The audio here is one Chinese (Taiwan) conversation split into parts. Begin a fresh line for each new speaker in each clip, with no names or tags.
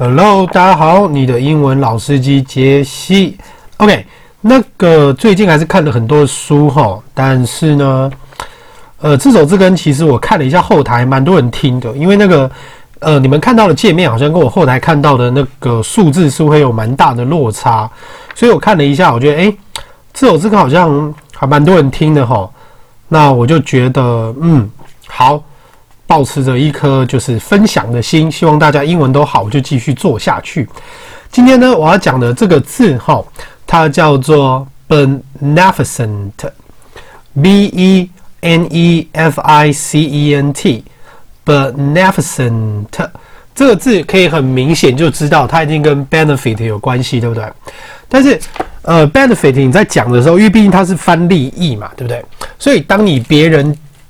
Hello，大家好，你的英文老司機傑西，OK，那個最近還是看了很多書哈，但是呢，呃，字首字根其實我看了一下後台，蠻多人聽的，因為那個呃，你們看到的界面，好像跟我後台看到的那個數字是會有蠻大的落差，所以我看了一下，我覺得誒，字首字根好像還蠻多人聽的哈，那我就覺得嗯，好。保持着一顆就是分享的心，希望大家英文都好，就繼續做下去。今天呢，我要講的這個字吼，它叫做 beneficent，b e n e f i c e n t，beneficent 這個字可以很明顯就知道它一定跟 benefit 有關係，對不對？但是呃，benefit 你在講的時候，因為畢竟它是翻利益嘛，對不對？所以當你別人。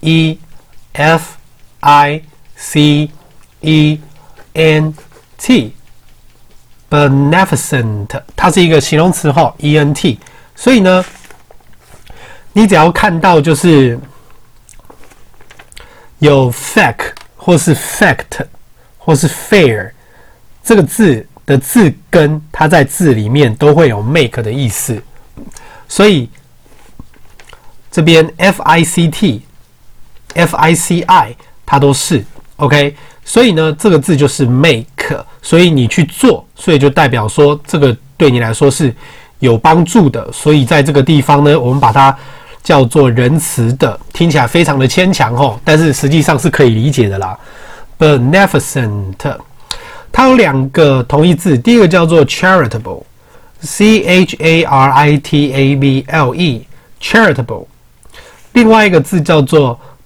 E, F, I, C, E, N, T, Beneficent，它是一個形容詞哈，E, N, T，所以呢，你只要看到就是有 fac 或是 fact 或是 fair 這個字的字根，它在字裡面都會有 make 的意思，所以這邊 F, I, C, T。f i c i，它都是 OK，所以呢，這個字就是 make，所以你去做，所以就代表說這個對你來說是有幫助的。所以在這個地方呢，我們把它叫做仁慈的，聽起來非常的牽強吼，但是實際上是可以理解的啦。Beneficent，它有兩個同義字，第一個叫做 charitable，c h a r i t a b l e，charitable，另外一個字叫做。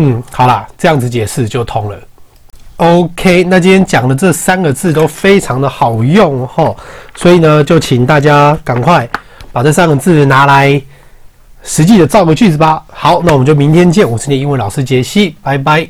嗯，好啦，這樣子解釋就通了。OK，那今天講的這三個字都非常的好用吼，所以呢，就請大家趕快把這三個字拿來實際的造個句子吧。好，那我們就明天見，我是你英文老師傑西，拜拜。